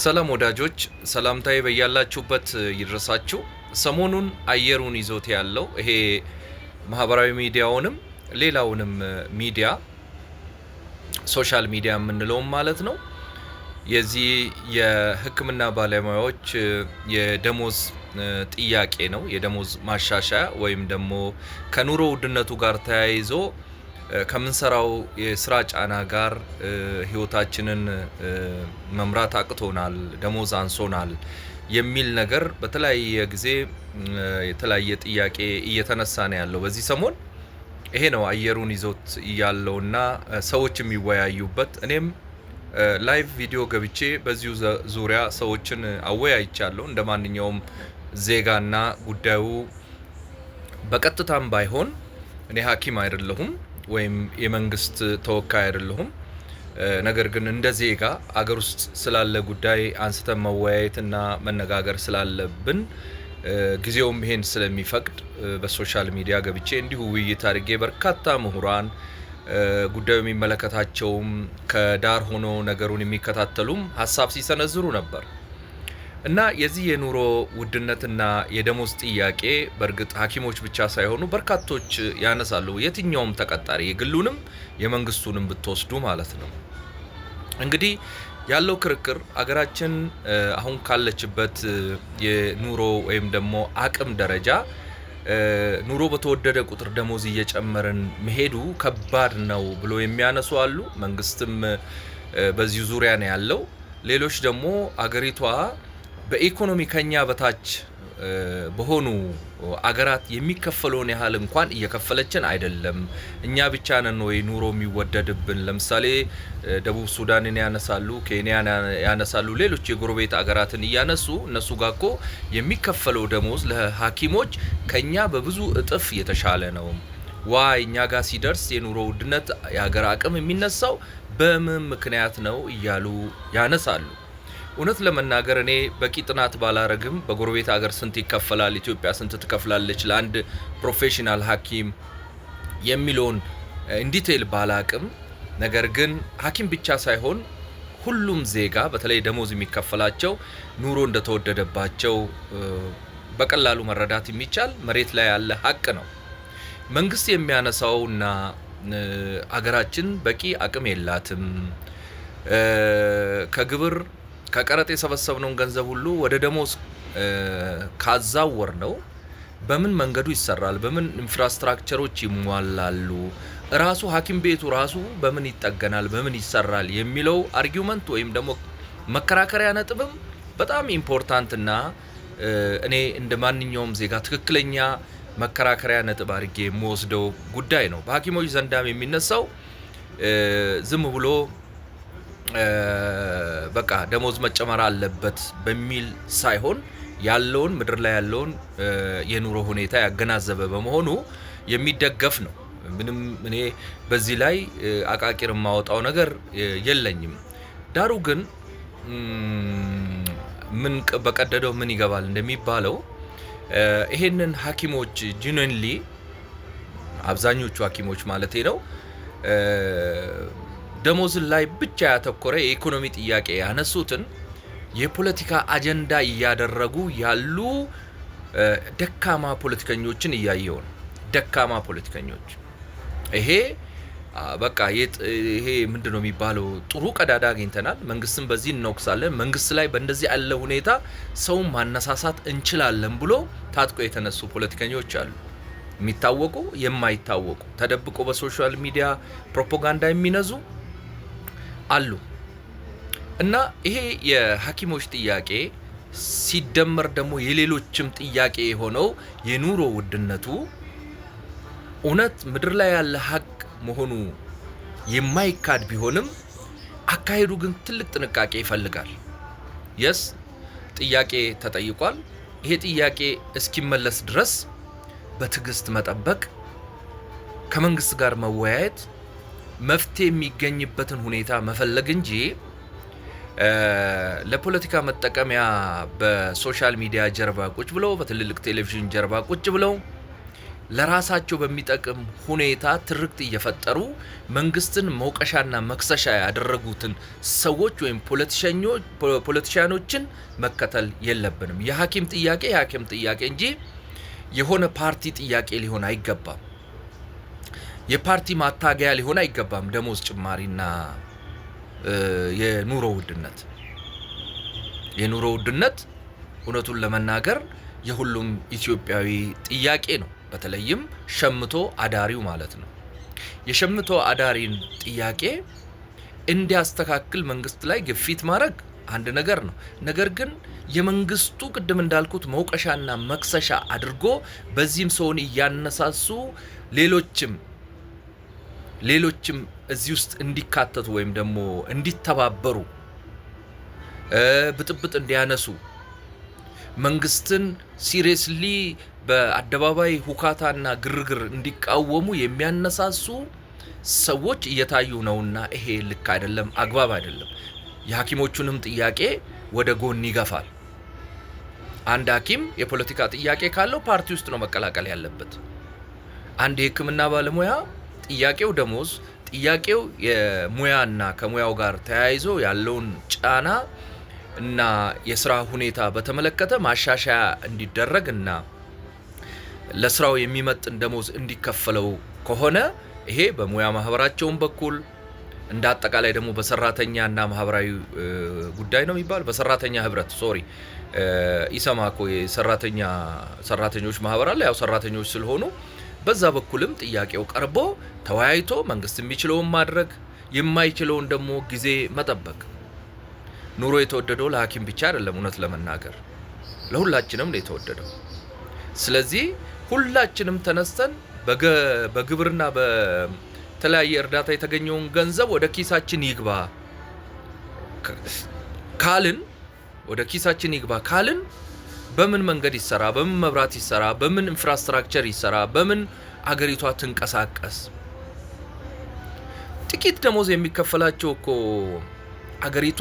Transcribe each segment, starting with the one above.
ሰላም ወዳጆች፣ ሰላምታዬ በያላችሁበት ይድረሳችሁ። ሰሞኑን አየሩን ይዞት ያለው ይሄ ማህበራዊ ሚዲያውንም ሌላውንም ሚዲያ ሶሻል ሚዲያ የምንለውም ማለት ነው የዚህ የሕክምና ባለሙያዎች የደሞዝ ጥያቄ ነው። የደሞዝ ማሻሻያ ወይም ደግሞ ከኑሮ ውድነቱ ጋር ተያይዞ ከምንሰራው የስራ ጫና ጋር ህይወታችንን መምራት አቅቶናል፣ ደሞዝ አንሶናል የሚል ነገር በተለያየ ጊዜ የተለያየ ጥያቄ እየተነሳ ነው ያለው። በዚህ ሰሞን ይሄ ነው አየሩን ይዞት ያለውና ሰዎች የሚወያዩበት እኔም ላይቭ ቪዲዮ ገብቼ በዚሁ ዙሪያ ሰዎችን አወያይቻለሁ። እንደ ማንኛውም ዜጋና ጉዳዩ በቀጥታም ባይሆን እኔ ሐኪም አይደለሁም። ወይም የመንግስት ተወካይ አይደለሁም። ነገር ግን እንደ ዜጋ አገር ውስጥ ስላለ ጉዳይ አንስተን መወያየትና መነጋገር ስላለብን ጊዜውም ይሄን ስለሚፈቅድ በሶሻል ሚዲያ ገብቼ እንዲሁ ውይይት አድርጌ በርካታ ምሁራን ጉዳዩ የሚመለከታቸውም ከዳር ሆኖ ነገሩን የሚከታተሉም ሀሳብ ሲሰነዝሩ ነበር። እና የዚህ የኑሮ ውድነትና የደሞዝ ጥያቄ በእርግጥ ሐኪሞች ብቻ ሳይሆኑ በርካቶች ያነሳሉ። የትኛውም ተቀጣሪ የግሉንም የመንግስቱንም ብትወስዱ ማለት ነው። እንግዲህ ያለው ክርክር አገራችን አሁን ካለችበት የኑሮ ወይም ደግሞ አቅም ደረጃ ኑሮ በተወደደ ቁጥር ደሞዝ እየጨመረን መሄዱ ከባድ ነው ብሎ የሚያነሱ አሉ። መንግስትም በዚህ ዙሪያ ነው ያለው። ሌሎች ደግሞ አገሪቷ በኢኮኖሚ ከኛ በታች በሆኑ አገራት የሚከፈለውን ያህል እንኳን እየከፈለችን አይደለም። እኛ ብቻ ነን ወይ ኑሮ የሚወደድብን? ለምሳሌ ደቡብ ሱዳንን ያነሳሉ፣ ኬንያን ያነሳሉ፣ ሌሎች የጎረቤት አገራትን እያነሱ እነሱ ጋር እኮ የሚከፈለው ደሞዝ ለሐኪሞች ከኛ በብዙ እጥፍ የተሻለ ነው። ዋ እኛ ጋር ሲደርስ የኑሮ ውድነት የሀገር አቅም የሚነሳው በምን ምክንያት ነው እያሉ ያነሳሉ። እውነት ለመናገር እኔ በቂ ጥናት ባላረግም በጎረቤት ሀገር ስንት ይከፈላል፣ ኢትዮጵያ ስንት ትከፍላለች ለአንድ ፕሮፌሽናል ሐኪም የሚለውን እንዲቴል ባላቅም፣ ነገር ግን ሐኪም ብቻ ሳይሆን ሁሉም ዜጋ በተለይ ደሞዝ የሚከፈላቸው ኑሮ እንደተወደደባቸው በቀላሉ መረዳት የሚቻል መሬት ላይ ያለ ሀቅ ነው። መንግስት የሚያነሳውና አገራችን በቂ አቅም የላትም ከግብር ከቀረጥ የሰበሰብነውን ገንዘብ ሁሉ ወደ ደሞዝ ካዛወር ነው በምን መንገዱ ይሰራል? በምን ኢንፍራስትራክቸሮች ይሟላሉ? ራሱ ሐኪም ቤቱ ራሱ በምን ይጠገናል? በምን ይሰራል? የሚለው አርጊመንት ወይም ደግሞ መከራከሪያ ነጥብም በጣም ኢምፖርታንትና እኔ እንደ ማንኛውም ዜጋ ትክክለኛ መከራከሪያ ነጥብ አድርጌ የምወስደው ጉዳይ ነው። በሐኪሞች ዘንዳም የሚነሳው ዝም ብሎ በቃ ደሞዝ መጨመር አለበት በሚል ሳይሆን ያለውን ምድር ላይ ያለውን የኑሮ ሁኔታ ያገናዘበ በመሆኑ የሚደገፍ ነው። ምንም እኔ በዚህ ላይ አቃቂር የማወጣው ነገር የለኝም። ዳሩ ግን ምን በቀደደው ምን ይገባል እንደሚባለው ይሄንን ሐኪሞች ጂኑንሊ አብዛኞቹ ሐኪሞች ማለት ነው ደሞዝን ላይ ብቻ ያተኮረ የኢኮኖሚ ጥያቄ ያነሱትን የፖለቲካ አጀንዳ እያደረጉ ያሉ ደካማ ፖለቲከኞችን እያየው ነው። ደካማ ፖለቲከኞች ይሄ በቃ ይሄ ምንድን ነው የሚባለው? ጥሩ ቀዳዳ አግኝተናል። መንግስትን በዚህ እናወቅሳለን፣ መንግስት ላይ በእንደዚህ ያለ ሁኔታ ሰውን ማነሳሳት እንችላለን ብሎ ታጥቆ የተነሱ ፖለቲከኞች አሉ። የሚታወቁ የማይታወቁ፣ ተደብቆ በሶሻል ሚዲያ ፕሮፓጋንዳ የሚነዙ አሉ እና ይሄ የሐኪሞች ጥያቄ ሲደመር ደግሞ የሌሎችም ጥያቄ የሆነው የኑሮ ውድነቱ እውነት ምድር ላይ ያለ ሀቅ መሆኑ የማይካድ ቢሆንም አካሄዱ ግን ትልቅ ጥንቃቄ ይፈልጋል። የስ ጥያቄ ተጠይቋል። ይሄ ጥያቄ እስኪመለስ ድረስ በትዕግስት መጠበቅ፣ ከመንግስት ጋር መወያየት መፍትሄ የሚገኝበትን ሁኔታ መፈለግ እንጂ ለፖለቲካ መጠቀሚያ በሶሻል ሚዲያ ጀርባ ቁጭ ብለው በትልልቅ ቴሌቪዥን ጀርባ ቁጭ ብለው ለራሳቸው በሚጠቅም ሁኔታ ትርክት እየፈጠሩ መንግስትን መውቀሻና መክሰሻ ያደረጉትን ሰዎች ወይም ፖለቲሽያኖችን መከተል የለብንም። የሐኪም ጥያቄ የሀኪም ጥያቄ እንጂ የሆነ ፓርቲ ጥያቄ ሊሆን አይገባም። የፓርቲ ማታገያ ሊሆን አይገባም። ደሞዝ ጭማሪና የኑሮ ውድነት የኑሮ ውድነት እውነቱን ለመናገር የሁሉም ኢትዮጵያዊ ጥያቄ ነው። በተለይም ሸምቶ አዳሪው ማለት ነው። የሸምቶ አዳሪን ጥያቄ እንዲያስተካክል መንግስት ላይ ግፊት ማድረግ አንድ ነገር ነው። ነገር ግን የመንግስቱ ቅድም እንዳልኩት መውቀሻና መክሰሻ አድርጎ በዚህም ሰውን እያነሳሱ ሌሎችም ሌሎችም እዚህ ውስጥ እንዲካተቱ ወይም ደግሞ እንዲተባበሩ ብጥብጥ እንዲያነሱ መንግስትን ሲሪየስሊ በአደባባይ ሁካታና ግርግር እንዲቃወሙ የሚያነሳሱ ሰዎች እየታዩ ነውና ይሄ ልክ አይደለም፣ አግባብ አይደለም። የሐኪሞቹንም ጥያቄ ወደ ጎን ይገፋል። አንድ ሐኪም የፖለቲካ ጥያቄ ካለው ፓርቲ ውስጥ ነው መቀላቀል ያለበት። አንድ የሕክምና ባለሙያ ጥያቄው ደሞዝ፣ ጥያቄው የሙያና ከሙያው ጋር ተያይዞ ያለውን ጫና እና የስራ ሁኔታ በተመለከተ ማሻሻያ እንዲደረግ እና ለስራው የሚመጥን ደሞዝ እንዲከፈለው ከሆነ ይሄ በሙያ ማህበራቸውን በኩል እንደ አጠቃላይ ደግሞ በሰራተኛና ማህበራዊ ጉዳይ ነው የሚባል በሰራተኛ ህብረት ሶሪ ኢሰማኮ የሰራተኛ ሰራተኞች ማህበር አለ። ያው ሰራተኞች ስለሆኑ በዛ በኩልም ጥያቄው ቀርቦ ተወያይቶ መንግስት የሚችለውን ማድረግ የማይችለውን ደግሞ ጊዜ መጠበቅ። ኑሮ የተወደደው ለሐኪም ብቻ አይደለም፣ እውነት ለመናገር ለሁላችንም ነው የተወደደው። ስለዚህ ሁላችንም ተነስተን በግብርና በተለያየ እርዳታ የተገኘውን ገንዘብ ወደ ኪሳችን ይግባ ካልን ወደ ኪሳችን ይግባ ካልን በምን መንገድ ይሰራ፣ በምን መብራት ይሰራ፣ በምን ኢንፍራስትራክቸር ይሰራ፣ በምን አገሪቷ ትንቀሳቀስ። ጥቂት ደሞዝ የሚከፈላቸው እኮ አገሪቷ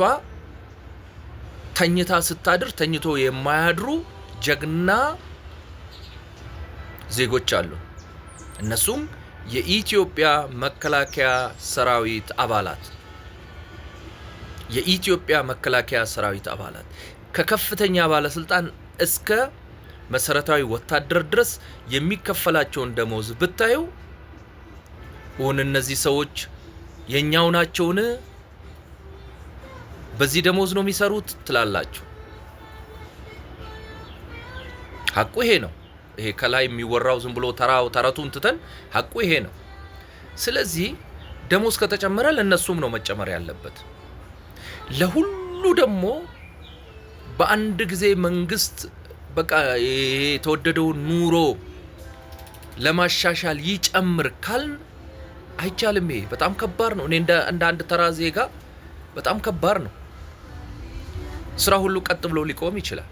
ተኝታ ስታድር ተኝቶ የማያድሩ ጀግና ዜጎች አሉ። እነሱም የኢትዮጵያ መከላከያ ሰራዊት አባላት የኢትዮጵያ መከላከያ ሰራዊት አባላት ከከፍተኛ ባለስልጣን እስከ መሰረታዊ ወታደር ድረስ የሚከፈላቸውን ደሞዝ ብታዩ እውን እነዚህ ሰዎች የእኛው ናቸውን? በዚህ ደሞዝ ነው የሚሰሩት ትላላችሁ። ሀቁ ይሄ ነው። ይሄ ከላይ የሚወራው ዝም ብሎ ተራው ተረቱን ትተን ሀቁ ይሄ ነው። ስለዚህ ደሞዝ ከተጨመረ ለእነሱም ነው መጨመር ያለበት። ለሁሉ ደግሞ በአንድ ጊዜ መንግስት በቃ የተወደደውን ኑሮ ለማሻሻል ይጨምር ካልን አይቻልም። ይሄ በጣም ከባድ ነው። እኔ እንደ አንድ ተራ ዜጋ በጣም ከባድ ነው። ስራ ሁሉ ቀጥ ብሎ ሊቆም ይችላል።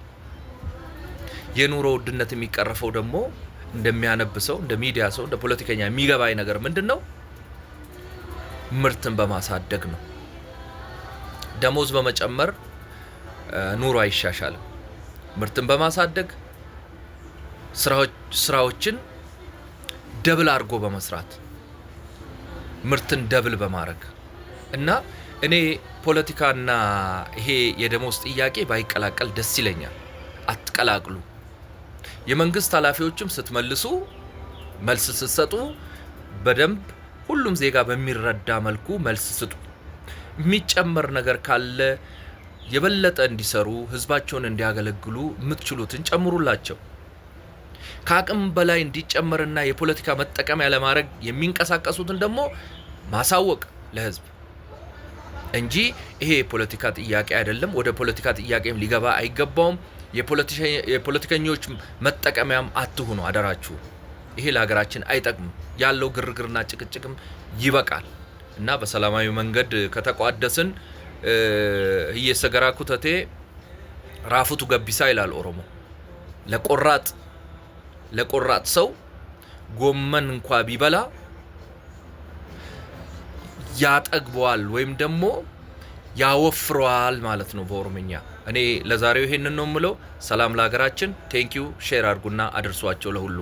የኑሮ ውድነት የሚቀረፈው ደግሞ እንደሚያነብ ሰው፣ እንደ ሚዲያ ሰው፣ እንደ ፖለቲከኛ የሚገባኝ ነገር ምንድን ነው? ምርትን በማሳደግ ነው። ደሞዝ በመጨመር ኑሮ አይሻሻልም። ምርትን በማሳደግ ስራዎችን ደብል አድርጎ በመስራት ምርትን ደብል በማድረግ እና እኔ ፖለቲካና ይሄ የደሞዝ ጥያቄ ባይቀላቀል ደስ ይለኛል። አትቀላቅሉ። የመንግስት ኃላፊዎችም ስትመልሱ፣ መልስ ስትሰጡ በደንብ ሁሉም ዜጋ በሚረዳ መልኩ መልስ ስጡ። የሚጨመር ነገር ካለ የበለጠ እንዲሰሩ ህዝባቸውን እንዲያገለግሉ የምትችሉትን ጨምሩላቸው። ከአቅም በላይ እንዲጨመርና የፖለቲካ መጠቀሚያ ለማድረግ የሚንቀሳቀሱትን ደግሞ ማሳወቅ ለህዝብ እንጂ ይሄ የፖለቲካ ጥያቄ አይደለም፣ ወደ ፖለቲካ ጥያቄም ሊገባ አይገባውም፣ የፖለቲከኞች መጠቀሚያም አትሁኑ፣ አደራችሁ። ይሄ ለሀገራችን አይጠቅምም። ያለው ግርግርና ጭቅጭቅም ይበቃል እና በሰላማዊ መንገድ ከተቋደስን hiyyeessa garaa kutatee raafutu gabbisaa ilaal oromo ለቆራጥ ለቆራጥ ሰው ጎመን እንኳ ቢበላ ያጠግበዋል ወይም ደግሞ ያወፍረዋል ማለት ነው በኦሮምኛ። እኔ ለዛሬው ይሄንን ነው የምለው። ሰላም ለሀገራችን። ቴንኪዩ ሼር አድርጉና አድርሷቸው ለሁሉ